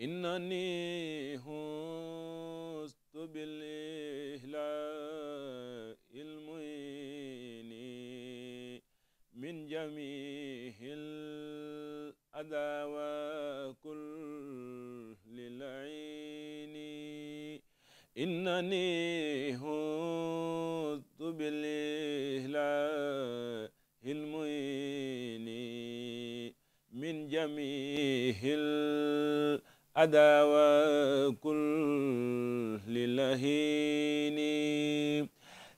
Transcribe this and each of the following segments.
إنني هزت بالإهلاء المين من جميع الأذى وكل العين إنني هزت بالإهلاء المين من جميع الأذى أداوى كل لهين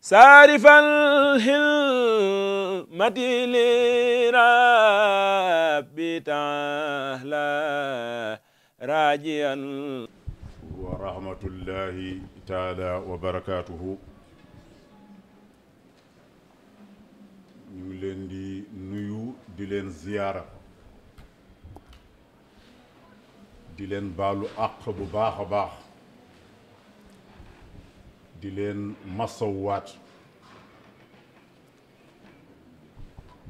سارف الهلمة لرب تعالى راجيا ورحمة الله تعالى وبركاته ñu ngi leen di nuyu di leen ziyaara di leen baalu àq bu baax a baax di leen masawwaat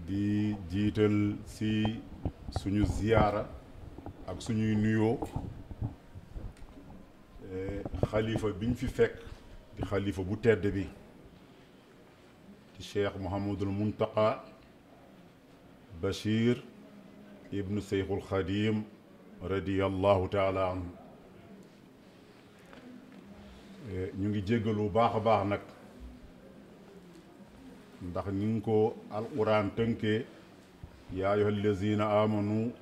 di jiital ci suñu ziyaara ak suñuy nuyoo eh, xalifa biñ fi fekk di xalifa bu tedd bi di cheikh Mouhamadul Muntaqa Bachir ibnu Seyxul Xadim radiyallahu taala anhu eh, ñu ngi jéggalu baax a baax nag ndax ni ngi ko alquran tënkee yaa ayuha allazina amanu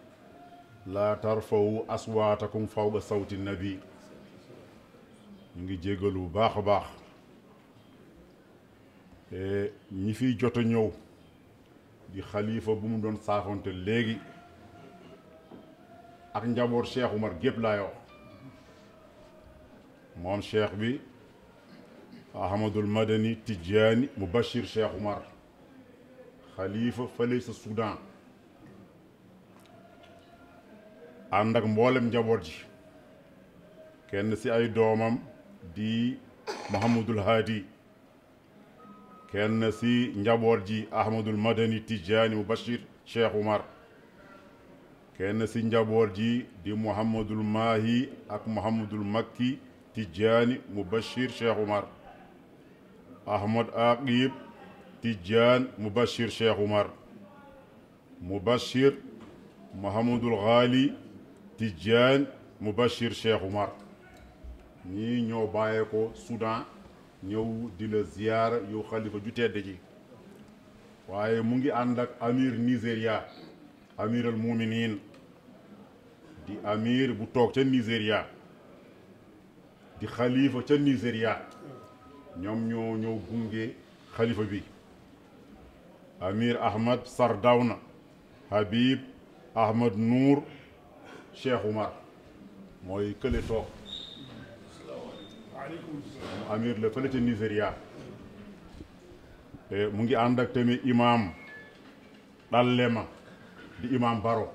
laa tarfawu aswaatakum fawqa sawti nabi ñu ngi jéggalu baax a baax eh, ñi fi jot ñëw di xalifa bu mu doon saafonte léegi ak njaboot Cheikh Umar gépp laay moom cheikh bi Ahmadul Madani Tidjani Mubashir Cheikh Umar xalifa fële sa Soudan ànd ak mboolem njaboot ji kenn ci ay doomam di Mohamadul Hadi kenn ci njaboot ji Ahmadul Madani Tidjani Mubashir Cheikh mar kenn ci njaboot ji di Mouhamadul Mahi ak Mouhamadul Makki mu Mubashir Cheikh mar Ahmad Aqib Tidjane Mubashir Cheikh Umar Mubashir Mouhamadul Ghali Tidjane Mubashir Cheikh Umar ñii ñoo bàyyee ko Soudan ñëw di la ziyaara yow xalifa ju tedd ji waaye mu ngi ànd ak amir Nigéria amiral muminin di amir bu toog ca Nigéria di xalifa ca Nigéria ñoom ñoo ñëw gunge xalifa bi amir ahmad Sardawna Habib Ahmad Nour Cheikh Oumar mooy kële toog mu amir la fële ca Nigéria eh, mu ngi ànd ak tamit imaam Dallema di imam Baro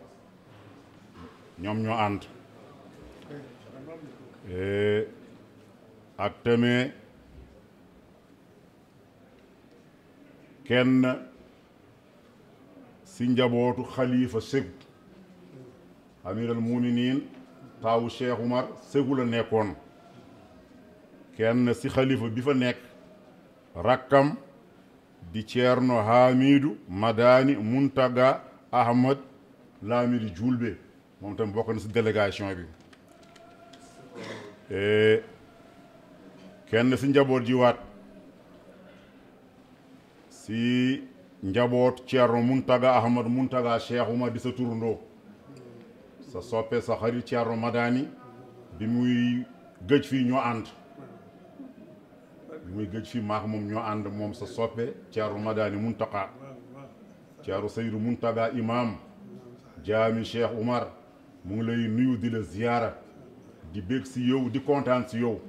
ñoom ñoo ànd eh, ak tamit kenn si njabootu xalifa Segu amiral muminin taawu Cheikh Umar Segu la nekkoon kenn si xalifa bi fa nekk rakkam di Ceerno Hamidu Madani Muntaga Ahmad Lamidi Diouldé moom tam bokk na si délégation bi e, kenn si njaboot jiwaat si njaboot Thierno Muntaga Ahmad Muntaga Cheikh Oumar di sa turandoo sa soppe sa xarit Thierno Madani bi muy gëj fii ñoo ànd bi muy gëj fi maax moom ñoo ànd moom sa soppe Thierno Madani Muntaga Caaru Saydu Muntaga Imaam jaami Cheikh Umar mu ngi lay nuyu di la ziyaara di bég si yow di kontaan si yow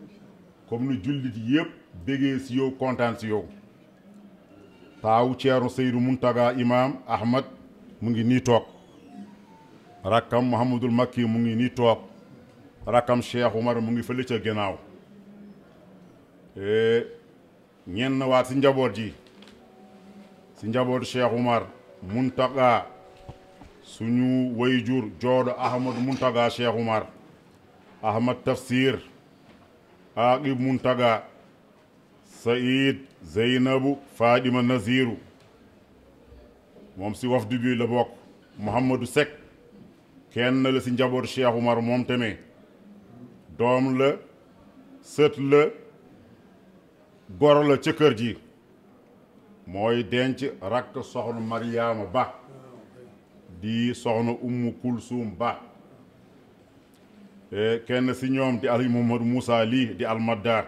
comme nu jullit yépp bégee si yow kontaan si yow taawu Caaru Saydu Muntaga Imaam Ahmad mu ngi nii toog rakkam Mouhamadul Makki mu ngi nii toog rakkam Cheikh Umar mu ngi fële ca ginnaaw e, ñenn waat si njaboot ji si njabootu Cheikh Umar Muntaga suñu wayjur jooɗo ahmadou Muntaga Cheikh Oumar ahmad tafsir aqib Muntaga Saïd Zeynabou Fadima Naziru moom si wafdu bi la bokk Mouhamadou Seck kenn la si njaboot Cheikh mar moom tamit doom la sët la goro la ca kër ji mooy denc rakk soxna Mariama Ba di soxna Ummu Kulsum Ba eh, kenn si ñoom di Aliou Mamadou Moussa lii di almadar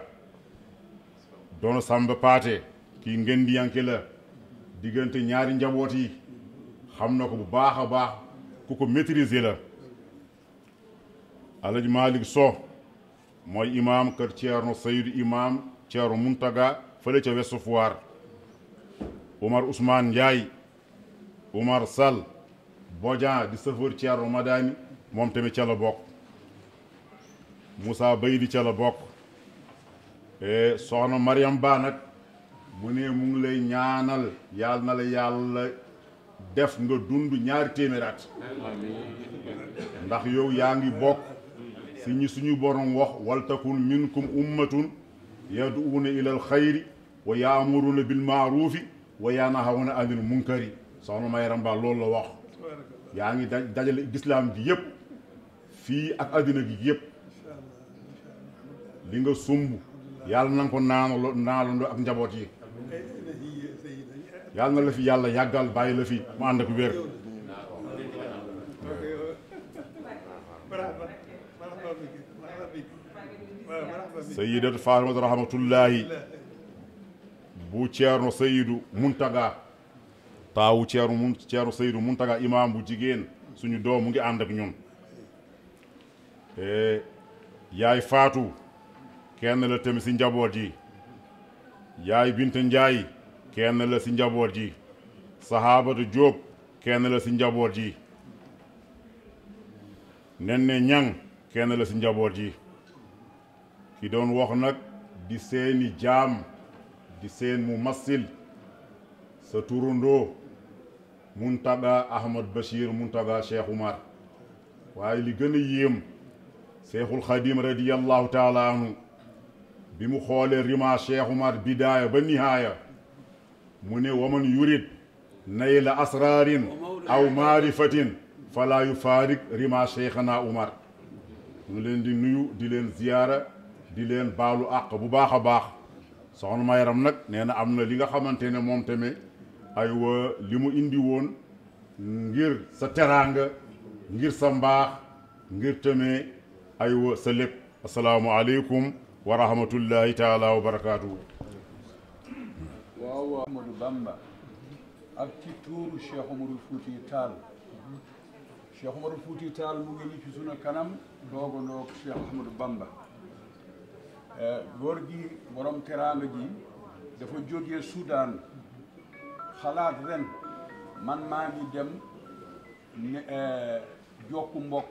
doon Samba Paate kii ngendiyanke la diggante ñaari njaboot yi xam na ko bu baax a baax ku ko maîtriser la Alhaji Malick Sow mooy imaam kër Thierno Seydou imaam Thierno Muntaga fële ca Ouest Foire Umar usmaan Ndiaye Umar sal Bodian di sëfër Thierno Madani moom tamit ca la bokk Moussa di ca la bokk e soxna Mariam Ba nag mu ne mu ngi lay ñaanal yàlla def nga dund ñaari téeméeraat ndax yow yaa ngi bokk suñu borom wax waltakun minkum ummatun yaduuna ilal xayri wa yaamuruna bil maaruufi wa yaa nahawna anil munkari soxna May Ramba loolu la wax yaa ngi dajale gislaam gi yëpp fii ak adduna gi yépp li nga sumb yàlla na nga ko naanalo naanalo ak njaboot yi yàlla na la fi yàlla yàggal bàyyi la fi mu ànd ak wér sayidatu Faatimatu rahmatullahi bu Ceerno Seydou Muntaga taawu Ceerno mun Ceerno Seydou Muntaga imaam bu jigéen suñu doom mu ngi ànd ak ñun e, yaay faatu kenn la tamit ci njaboot yi yaay Binta Njaay kenn la ci njaboot yi Sahabatu Jóob kenn la ci njaboot yi Nenne Ñang kenn la ci njaboot yi ki doon wax nag di seeni jaam di seen mu massil sa turandoo Muntaga Ahmad Bachir Muntaga Cheikh Oumar waaye li gën a yéem Cheikhul Khadim radiyallahu taala anhu bi mu xoolee rima Cheikh Oumar bidaaya ba nihaaya mu ne waman yurid nayla asrarin aw maarifatin fala yufaarik rima Cheikhana Oumar ñu leen di nuyu di leen ziyaara di leen baalu àq bu baax a baax soxna ma yaram nag nee na am na li nga xamante ne moom tamit aywa li mu indi woon ngir sa teraanga ngir sa mbaax ngir tamit aywa sa lépp asalaamu aleykum wa rahmatullahi taala wa barakaatu. waaw Ahmadou Bamba ak ci tuuru Cheikh Omarou Fouti Tall Cheikh Omarou Fouti Tall mu ngi ni ci sunu kanam doogandoo Bamba Eh, góor gi borom teraanga ji dafa jógee Soudan xalaat ren man maa ngi dem eh, jokku mbokk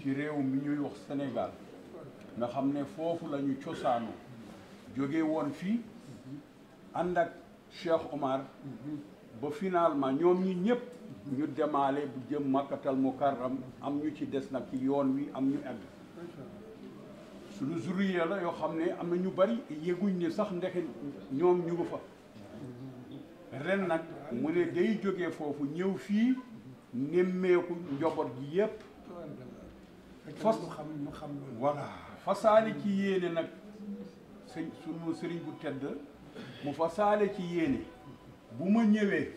ci réew mi ñuy wax Sénégal nga xam ne foofu la ñu cosaanu jóge woon fii ànd ak Cheikh Omar ba finalement ñoom ñi ñëpp ñu demaale bu jëm Makkatal Mukarram am ñu ci des nag ci yoon wi am ñu egg suñu zurriya la yoo xam ne am na ñu bari yéguñ ne sax ndeke ñoom ñu ngi fa ren nag mu ne day jógee foofu ñëw fii nemmeeku njaboot gi yépp fas voilà fasaale ci yéene nag sëñ sunu sëriñ bu tedd mu fasaale ci yéene bu ma ñëwee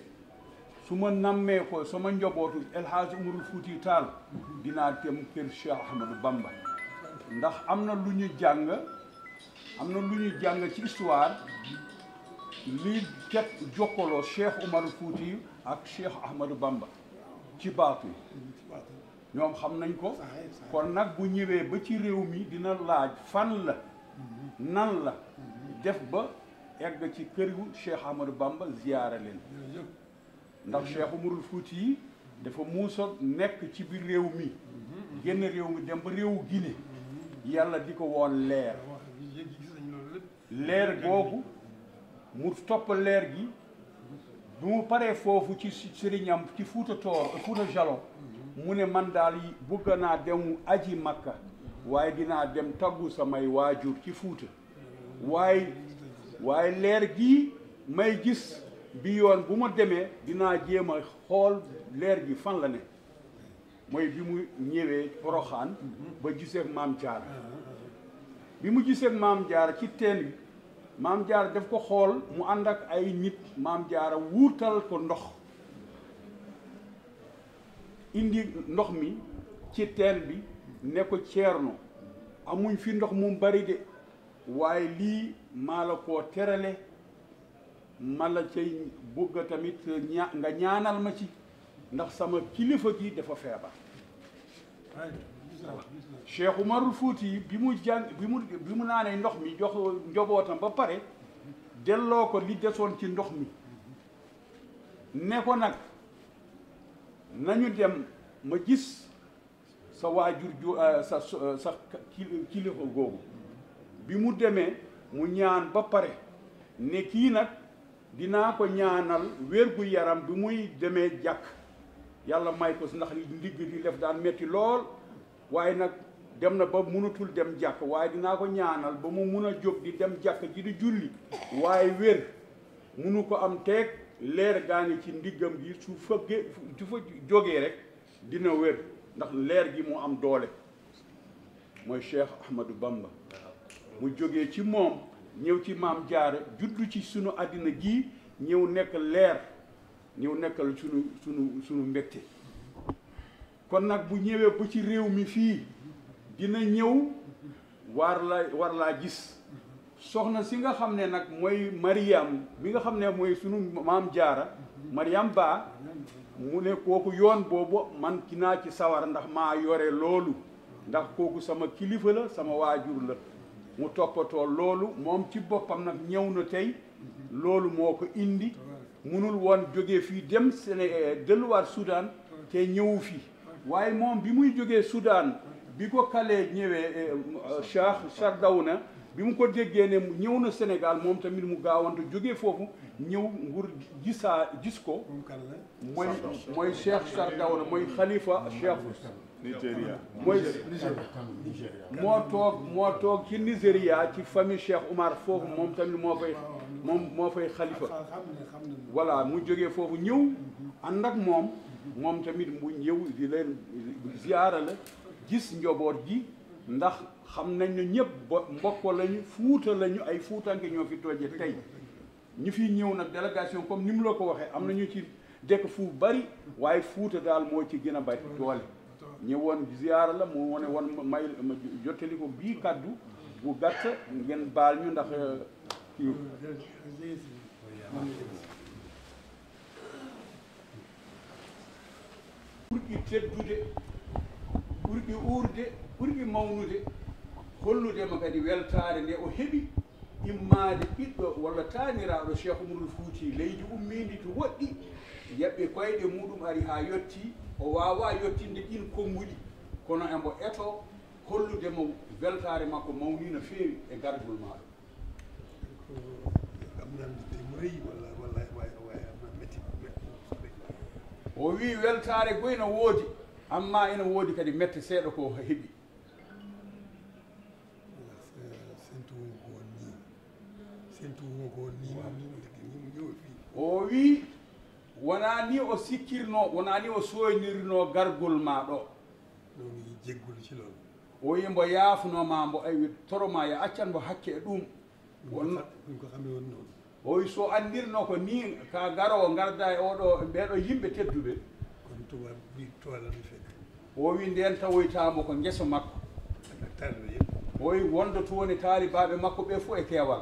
su ma nammee ko sama njabootu El Hadj Umarul Fuuti Taal dinaa dem kër Cheikh Ahmadou Bamba ndax am na lu ñu jàng am na lu ñu jàng ci histoire lii teg jokkaloo Cheikh Umar Fuuti ak Cheikh Ahmadou Bamba ci baatu ñoom xam nañ ko kon nag bu ñëwee ba ci réew mi dina laaj fan la nan la def ba egg ci këru Cheikh Ahmadou Bamba ziyaara leen ndax Cheikh Umarul Fuuti yi dafa muusa nekk ci biir réew mi génn réew mi dem ba réewu Guinée yàlla di ko woon leer leer googu mu topp leer gi bu mu paree foofu ci sëriñam ci Fuuta Toor Fuuta Jalon mu ne man daal bëgg naa dem aji Makka waaye dinaa dem taggu samay waajur ci Fuuta waaye waaye leer gi may gis bi yoon bu ma demee dinaa jéem xool leer gi fan la ne mooy bi mu ñëwee Poroxaan ba giseeg maam Jaara bi mu giseeg maam Jaara ci teen bi maam Jaara daf ko xool mu ànd ak ay nit maam Jaara wuutal ko ndox indi ndox mi ci teen bi ne ko ceerno amuñ fi ndox mu bari de waaye lii maa la koo terale ma la cay bëgg tamit nga ñaanal ma ci ndax sama kilifa gi dafa feebar Cheikh Umarul Fuuti bi mu jàng bi mu naanee ndox mi jox njobootam ba pare delloo ko li desoon ci ndox mi ne ko nag nañu dem ma gis sa waajur ju euh, sa sa kilifa googu bi mu demee mu ñaan ba pare ne kii nag dinaa ko ñaanal wér gu yaram bi muy demee jàkk yàlla may ko si ndax ndigg di lef daan metti lool waaye nag dem na ba munatul dem jàkk waaye dinaa ko ñaanal ba mu mun a jóg di dem jàkk ji di julli waaye wér munu ko am teeg leer gaa ci ndiggam gi su fëggee su fa jógee rek dina wér ndax leer gi mu am doole mooy Cheikh Ahmadou Bamba mu jógee ci moom ñëw ci maam jaara juddu ci sunu àddina gi ñëw nekk leer ñëw nekkal sunu sunu sunu mbégte kon nag bu ñëwee ba ci réew mi fii dina ñëw war la war laa gis soxna si nga xam ne nag mooy Mariam bi nga xam ne mooy sunu maam jaara Mariam Ba mu ne kooku yoon boobu man gi naa ci sawar ndax maa yore loolu ndax kooku sama kilifa la sama waajur la mu toppatoo loolu moom ci boppam nag ñëw na tey loolu moo ko indi munul woon jóge fii dem Séné eh, delluwaat Soudan te ñëwu fii waaye moom bi muy jógee Soudan bi ko kalee ñëwee eh, eh, Cheikh Cheikh Dawna bi mu ko déggee ne ñëw na Sénégal moom tamit mu gaawantu jóge foofu ñëw nguur gisaa gis ko mooy mooy Cheikh Cheikh Dawna mooy xalifa Cheikh Nigeria mooy moo toog moo toog ci Nigeria ci famille Cheikh omar foofu moom tamit moo fay moom moo fay xalifa voilà mu jógee foofu ñëw ànd ak moom moom tamit mu ñëw di leen ziyaara la gis njoboot ji ndax xam nañ ne ñëpp mbokk lañu fuuta lañu ay fuutanke ñoo fi toje tey ñu fi ñëw nag délégation comme ni mu la ko waxee am na ñu ci dëkk fu bari waaye fuuta daal moo ci gën a bari doole ñëwoon ziyaara la mu wane woon may jottali ko bii kàddu bu gàtt ngeen baal ñu ndax kii ɓurɗi teddude ɓurɗi uurde ɓurɗi mawnude holludema kadi weltare nde o heɓi immade ɓiɗɗo walla taniraɗo cheikh umarul fouti leydi ummidi to woɗɗi yaɓɓe koyɗe muɗum ari ha yetti o wawa yettinde ɗin konnguli kono embo eto holludemo weltare makko mawni no feewi e gargol maɗo amnandide mo reyi walla walla metti o wi weltare goy kadi mette seeɗa ko heɓi sentuwomo wonaa ni o sikkirnoo wonaa ni o soynirnoo gargol maa ɗo o wi mbo yaafnoma mbo ayi toro ma yo accan mbo hakke e ɗum o wi so anndirno ko ni ka garowo ngarda ɓeɗo e yimɓe tedduɓe o wi nden tawoytamo ko gueso makko o wi wonde to woni taalibaɓe makko ɓe fof e keewal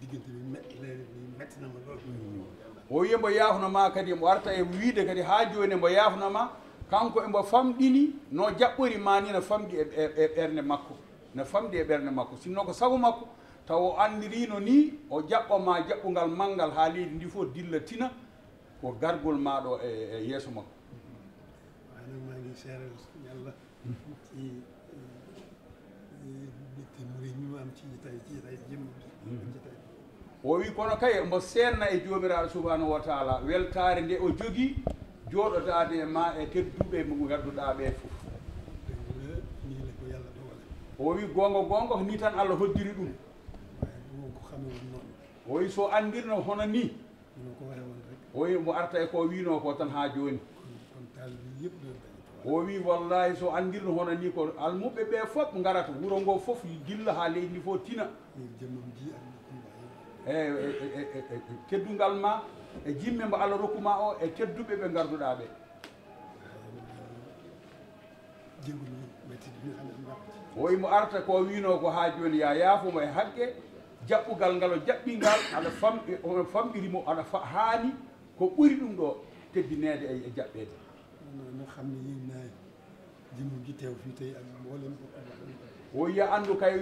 diggante bi metti na ma lool o kadi mbo arta e kadi haa jooni mbo yaafnoma kanko embo famɗini no jaɓɓori ma ni no famɗi e, e, e ɓernde makko no famɗi e ɓernde makko sinno ko sabu makko taw o anndirino ni o jaɓɓoma jaɓɓungal manngal haa leydi ndi fof dilla tina ko gargol maɗo e yeeso makko Mm-hmm. o wi kono kay mbo senna e joomiraaɗo subahanahu wa taala nde o jogii jooɗodaade e ma e tedduɓe e mo ngadduɗaa ɓee fof o wi goonga goonga ni tan allah hoddiri ɗum o wi so anndirno hono ni o wi arta e ko wiinoo ko tan haa jooni o wi wallahi so andirno hono ni ko almuɓe ɓe fof garata wuro ngo fof dilla ha leydi ndi fof tina e, e, e, e teddugal ma e jimme mbo allah rokkuma o e tedduɓe ɓe garduɗa ɓe oyi mo arta ko wino ko ha joni ya yaafumo e haqqe jaɓɓugal ngal o jaɓɓingal aɗa fam ono famɓirimo aɗa haani ko ɓuri ɗum ɗo teddinede e jaɓɓede na xam ne yéen naa jëmm ji teew fii tey ak mboolem o wiya anndu kay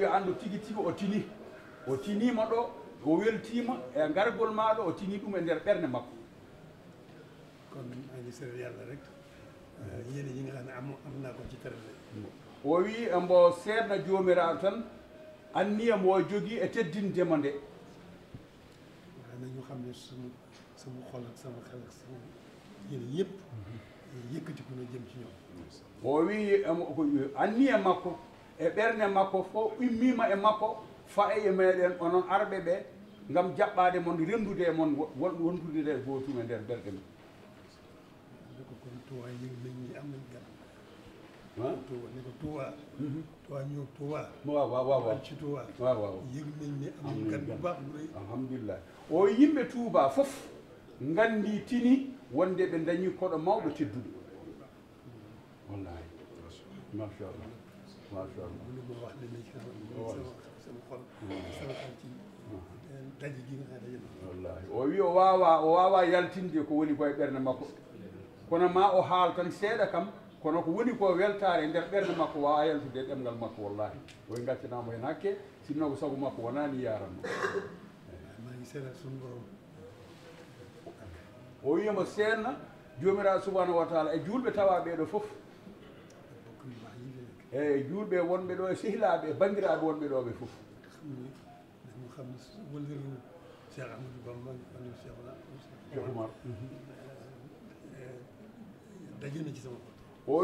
yo rek eh, yéene yi nga xam ne am am ko ci tërale o wi e mbo seedna joomiraaɗo tan anniyam o jogii e, e teddindema nde xam ne sama sama yëkkatiku na jëm ci ñoom o wi e makko e ɓernde makko fof ummima e makko faye e meɗen onon arɓe ɓe gam jaɓɓade moon rendude e moon wondude nde gotum e nder belɗe men alhamdulillah o yimɓe tuuba fof gandi wonde ɓe dañi koɗo mawɗo tedduɗo wallahi machallah machallah o wi o wawa yaltinde ko woni ko e ɓernde makko kono ma o haal tan seeɗa kam kono ko woni ko weltare e nder ɓernde makko wawa yaltude ɗemgal makko wallahi oye gaccanamo hen hakke sinno ko saabu makko wonani yaranno magi oo wiyamo seenna jomiraɗo subahanahu wa taala e julɓe tawa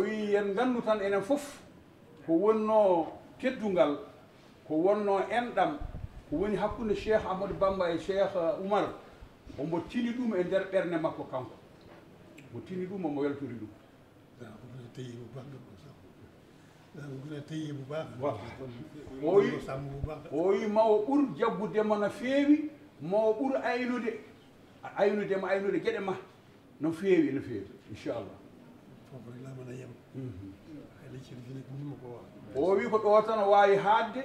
yen gandu tan enen fof ko wonno teddungal ko wonno enɗam ko woni hakkude cheikh ahmadou bamba e cheikh oumar ombo tini ɗum e nder ɓernde makko kanko mo tini ɗum omo weltori ɗum o wi mawo ɓur jabbudema no feewi mawo ɓur aynude aynudema aynude gueɗe ma no feewi no feewi inchallah mhm. ko ɗo tan wawi haadde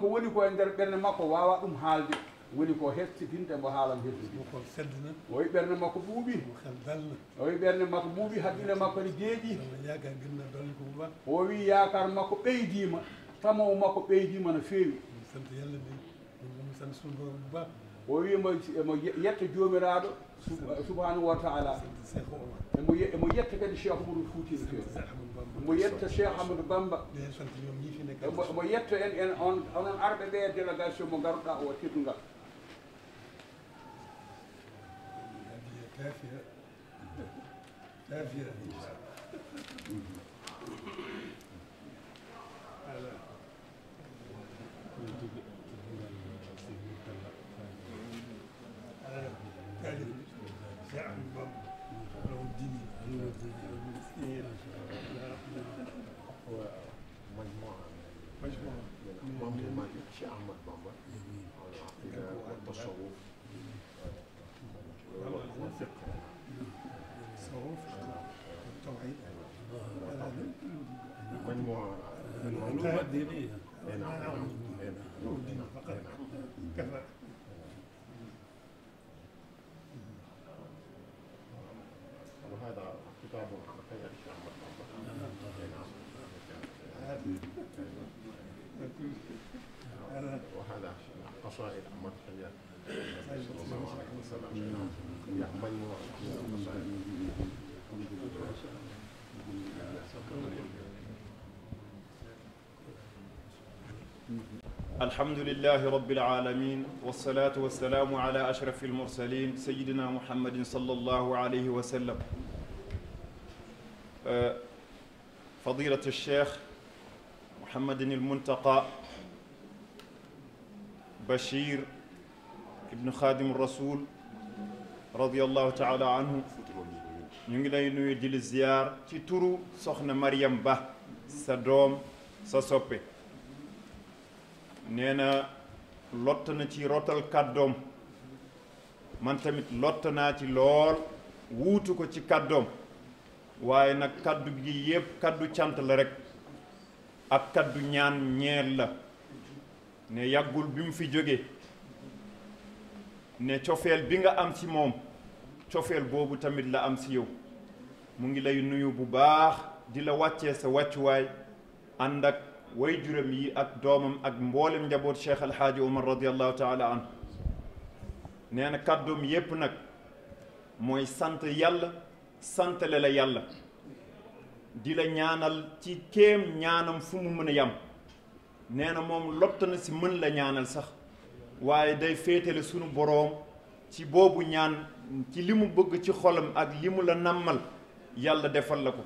ko woni ko e nder ɓernde makko wawa ɗum haalde woni ko hessidinde mbo haalam hesdidi ko seddana o wi ɓernde makko ɓuuɓi kal dalna o wi ɓernde makko ɓuuɓi haqqille makko ne jeeƴi yaka o wi yakar makko ɓeydima tamowo makko ɓeydima no feewi sant yalla ni sant sunu borom ɓuuɓa o wimo emo yetta joomiraɗo subhanahu wa taala emo e e yetta kadi cheikh oumaro foutino feewi mo yetta cheikh amadou bamba emo e yetta en en on onon arɓe ɓe mo garuɗa o teddugal كافية كافية مجموعة مجموعة من أحوال مالك شيخ أحمد بامبر على العقيدة والتصوف الفقه تصور فقه التوحيد مجموعة المعلومة الدينية نعم الدين فقط كفى وهذا كتاب حقيقة الشيخ محمد وهذا قصائد alhamdulilahi rabbil alamin wasalaatu wasalaamu ala ashrafi almursalin sayidina muhammadin sallallahu alayhi wa sallam uh, fadilat alcheikh muhammadin almuntaqa bachir ibnu xaadim rasul radiallahu taala anhu ñu ngi lay nuyu di la ziyaar ci turu soxna Mariam Ba sa doom sa soppe nee na lott na ci rotal kàddoom man tamit lott naa ci lool wuutu ko ci kàddoom waaye nag kàddu gi yépp kàddu cant la rekk ak kàddu ñaan ñeel la ne yàggul bi mu fi jóge ne cofeel bi nga am ci moom cofeel boobu tamit la am ci yow mu ngi lay nuyu bu baax di la wàccee sa wàccuwaay ànd ak way juram yi ak doomam ak mboolem njaboot Cheikh El Hadj Omar radiallahu anhu nee na kàddoom yépp nag mooy sant yàlla santale la yàlla di la ñaanal ci kéem ñaanam fu mu mën a yam nee na moom lott na si mën la ñaanal sax waaye day féetale sunu boroom ci boobu ñaan ci li mu bëgg ci xolam ak li mu la nammal yàlla defal la ko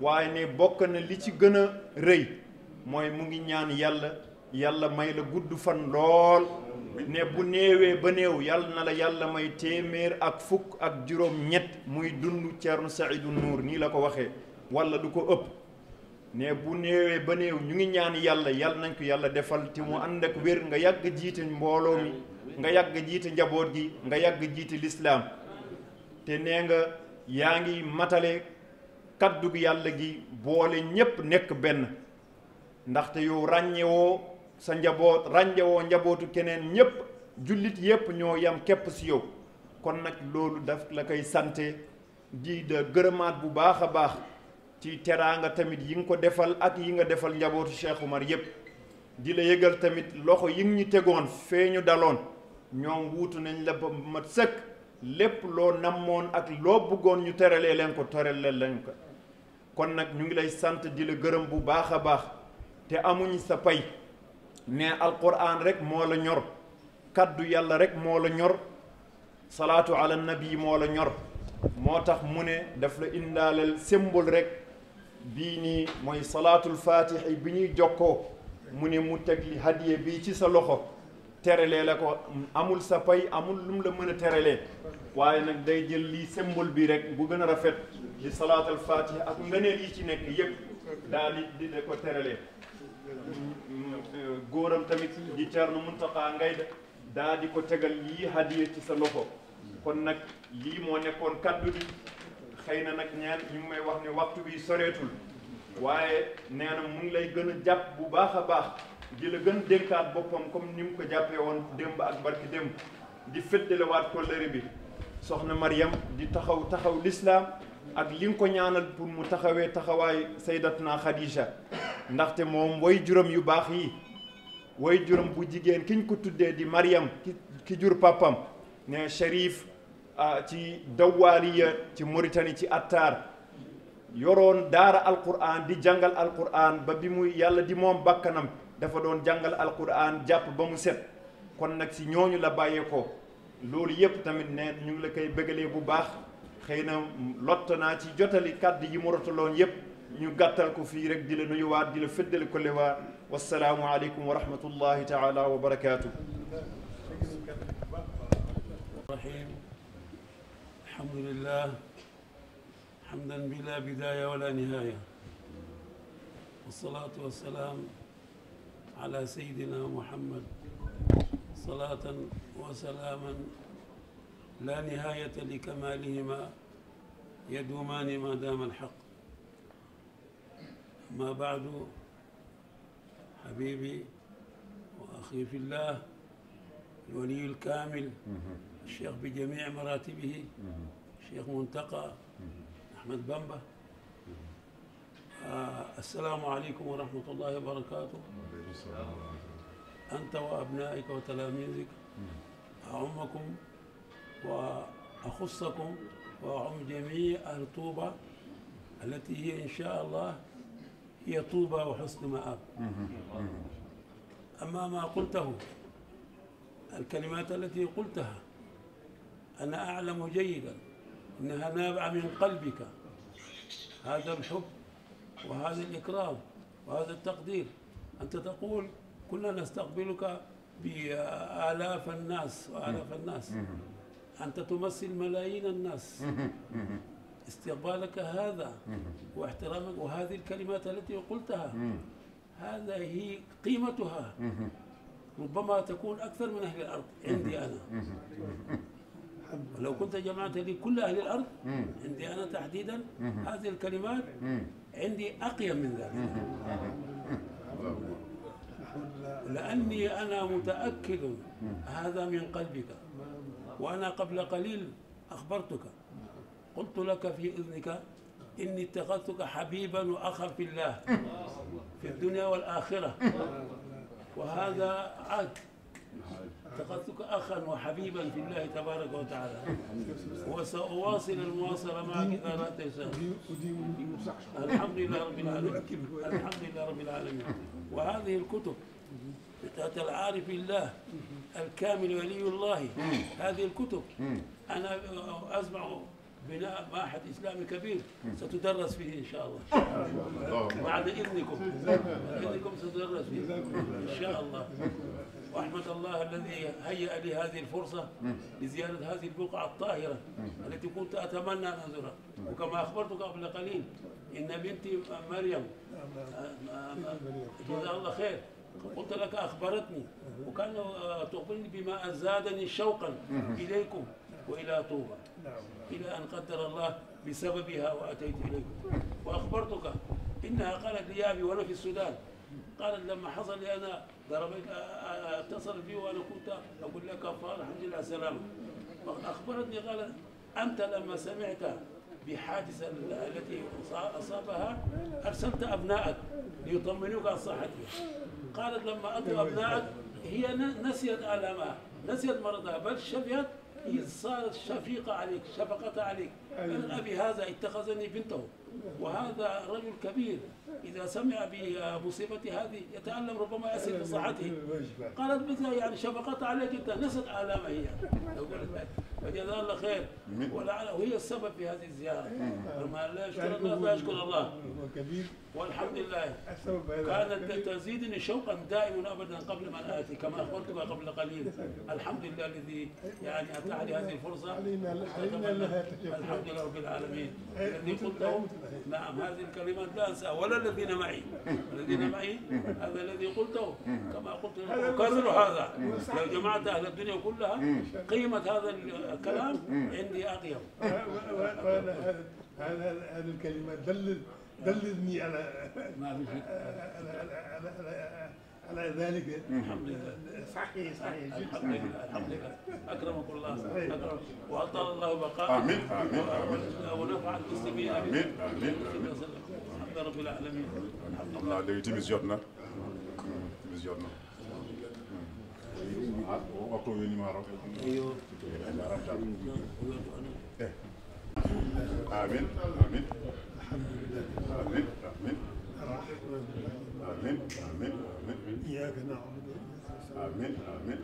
waaye ne bokk na li ci gën a rëy mooy mu ngi ñaan yàlla yàlla may la gudd fan lool ne bu néewee ba néew yàlla na la yàlla may téeméer ak fukk ak juróom ñett muy dund Ceerno Saydu Nuur nii la ko waxee wala du ko ëpp ne bu néewee ba néew ñu ngi ñaan yàlla yàlla nañ ko yàlla defal te mu ànd ak wér nga yàgg jiite mbooloo mi nga yàgg jiite njaboot gi nga yàgg jiite lislaam te nee nga yaa ngi matale kaddu yàlla gi boole ñépp nekk benn ndaxte yow ràññewoo sa njaboot ràññewoo njabootu keneen ñépp jullit yépp ñoo yam képp si yow kon nag loolu daf la koy sante di da gërëmaat bu baax a baax ci teraanga tamit yi nga ko defal ak yi nga defal njabootu Cheikh mar yépp di la yëgal tamit loxo yi ñu tegoon fee ñu daloon ñoom wuutu nañ la ba mat sëkk lépp loo nammoon ak loo bëggoon ñu teralee leen ko teralee leen ko kon nag ñu ngi lay sant di la gërëm bu baax a baax te amuñ sa pay ne alquran rek moo la ñor kàddu yàlla rek moo la ñor salaatu ala nabi moo la ñor moo tax mu ne daf la indaaleel symbole rek bii nii mooy salaatul faatihi bi ñuy jokkoo mu ne mu teg li hadiye bii ci sa loxo terelee la ko amul sa pay amul lu mu la mën a terelee waaye nag day jël lii symbole bi rek bu gën a rafet li salaatul faatihi ak ngëneel yi ci nekk yépp daal di di ko terelee góoram tamit di Thierno Mountakha Ngaïda daa di ko tegal lii hadiya ci sa loxo kon nag lii moo nekkoon kaddu bi xëy na nag ñaan ñu may wax ne waxtu bi soreetul waaye nee na mu ngi lay gën a jàpp bu baax a baax di la gën dénkaat boppam comme ni mu ko jàppee woon démb ak barki démb di féddalewaat kollëre bi soxna mariyam di taxaw taxaw lislaam ak li nga ko ñaanal pour mu taxawee taxawaay saydatna Khadija ndaxte moom way juróom yu baax yi way juróom bu jigéen kiñ ko tuddee di Mariam ki jur papam ne Cherif ah, ci dawaaliya ci Mauritanie ci Attar yoroon daara alquran di jàngal alquran ba bi muy yàlla di moom bakkanam dafa doon jàngal alquran jàpp ba mu set kon nag si ñooñu la bàyyeekoo loolu yëpp tamit ne ñu ngi la koy bëggalee bu baax xëy na lott naa ci jotali kàdd yi mu rotaloon yëpp ñu gàttal ko fii rek di la nuyuwaat di la féddale ko lewaat wasalaamu aleykum wa rahmatullahi taala wa barakaatu rahim alhamdulillah hamdan bila bidaya wala nihaya والصلاة والسلام على سيدنا محمد صلاة وسلاما لا نهاية لكمالهما يدومان ما دام الحق أما بعد حبيبي وأخي في الله الولي الكامل الشيخ بجميع مراتبه الشيخ منتقى أحمد بمبة آه السلام عليكم ورحمة الله وبركاته أنت وأبنائك وتلاميذك أعمكم وأخصكم وأعم جميع أهل طوبة التي هي إن شاء الله هي طوبى وحسن مآب أما ما قلته الكلمات التي قلتها أنا أعلم جيدا إنها نابعة من قلبك هذا الحب وهذا الإكرام وهذا التقدير أنت تقول كنا نستقبلك بآلاف الناس وآلاف الناس أنت تمثل ملايين الناس استقبالك هذا واحترامك وهذه الكلمات التي قلتها هذا هي قيمتها ربما تكون أكثر من أهل الأرض عندي أنا لو كنت جمعت لي كل أهل الأرض عندي أنا تحديدا هذه الكلمات عندي أقيم من ذلك لأني أنا متأكد هذا من قلبك وأنا قبل قليل أخبرتك qultu laka fi udnika inni ittaxadtuka xabiban wa axan fi llah fi dunia wal axira wa hada aad اتخذتك اخا وحبيبا في الله تبارك وتعالى وساواصل المواصله معك اذا لا تيسر الحمد لله رب العالمين الحمد لله رب العالمين وهذه الكتب بتاعت العارف الله الكامل ولي الله هذه الكتب انا اسمع بناء معهد إسلامي كبير ستدرس فيه إن شاء الله بعد إذنكم بعد إذنكم ستدرس فيه إن شاء الله وأحمد الله الذي هيأ لي هذه الفرصة لزيارة هذه البقعة الطاهرة التي كنت أتمنى أن أزورها وكما أخبرتك قبل قليل إن بنتي مريم جزاها الله خير قلت لك أخبرتني وكان تخبرني بما زادني شوقا إليكم وإلى طوبى إلى أن قدر الله بسببها وأتيت إليكم وأخبرتك إنها قالت لي أبي وأنا في السودان قالت لما حصل لي أنا ضربت اتصل بي وأنا كنت أقول لك كفار الحمد لله سلامة أخبرتني قالت أنت لما سمعت بحادثة التي أصابها أرسلت أبنائك ليطمنوك عن صحتها قالت لما أتوا أبنائك هي نسيت آلامها نسيت مرضها بل شفيت إذ صارت شفيقة عليك شفقة عليك أنا أبي هذا اتخذني بنته وهذا رجل كبير إذا سمع بمصيبة هذه يتألم ربما يصل لصحته قالت مثل يعني شفقت عليك أنت نسيت آلامها هي فجزاها الله خير ولعله هي السبب في هذه الزيارة لما لا يشكر الله لا يشكر الله والحمد لله كانت تزيدني شوقا دائما أبدا قبل أن آتي كما أخبرتك قبل قليل الحمد لله الذي يعني أتى لي هذه الفرصة الحمد لله رب العالمين الذي قلته نعم هذه الكلمات لا أنسى ولا الذين معي الذين معي هذا الذي قلته كما قلت كثر هذا لو جمعت أهل الدنيا كلها قيمة هذا الكلام عندي أقيم هذا هذا الكلمات دلل دللني على ما في على على ذلك الحمد لله صحيح صحيح الحمد لله الحمد لله اكرمكم الله اكرمكم واطال الله بقاءكم امين امين ونفعت بالسبيل امين امين امين rabbil alamin xam naa léegi timis jot na timis jot na waxtu wi ni ma raw amin amin amin amin آمين آمين آمين إياك نعبد آمين آمين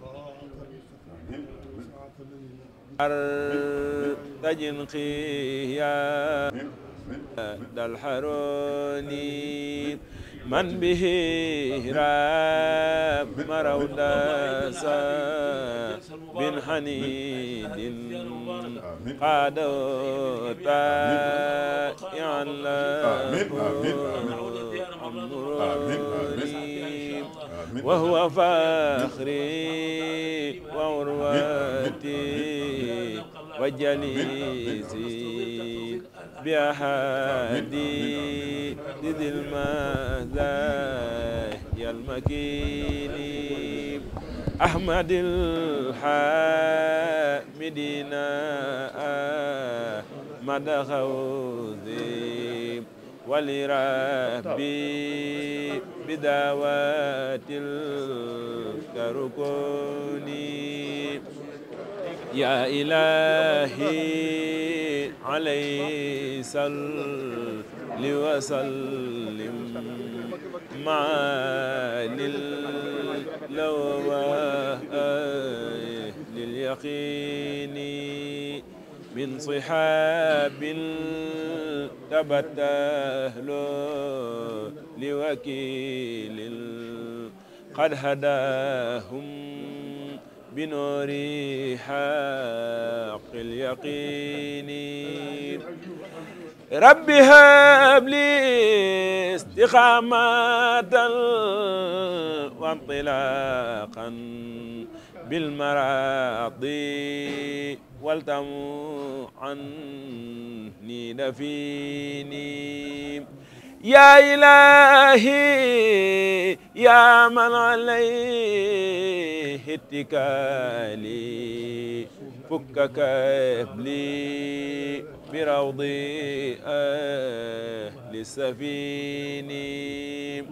آمين آمين أرتجن قيام ذا الحرون من به راب مروداسا بن حنين قادوا تائعا له وهو فخري وعروتي وجليسي بأحادي ذي المزايا المكين أحمد الحامدين مدى خوزي ولربي بدعوات الكركوني يا إلهي عليه صل وسلم مع للوى لليقين من صحاب تبت أهله لوكيل قد هداهم بنور حق اليقين رب هب لي استقامة وانطلاقا بالمراضي والتموا عني نفيني يا إلهي يا من عليه اتكالي فك كبلي بروض أهل سفيني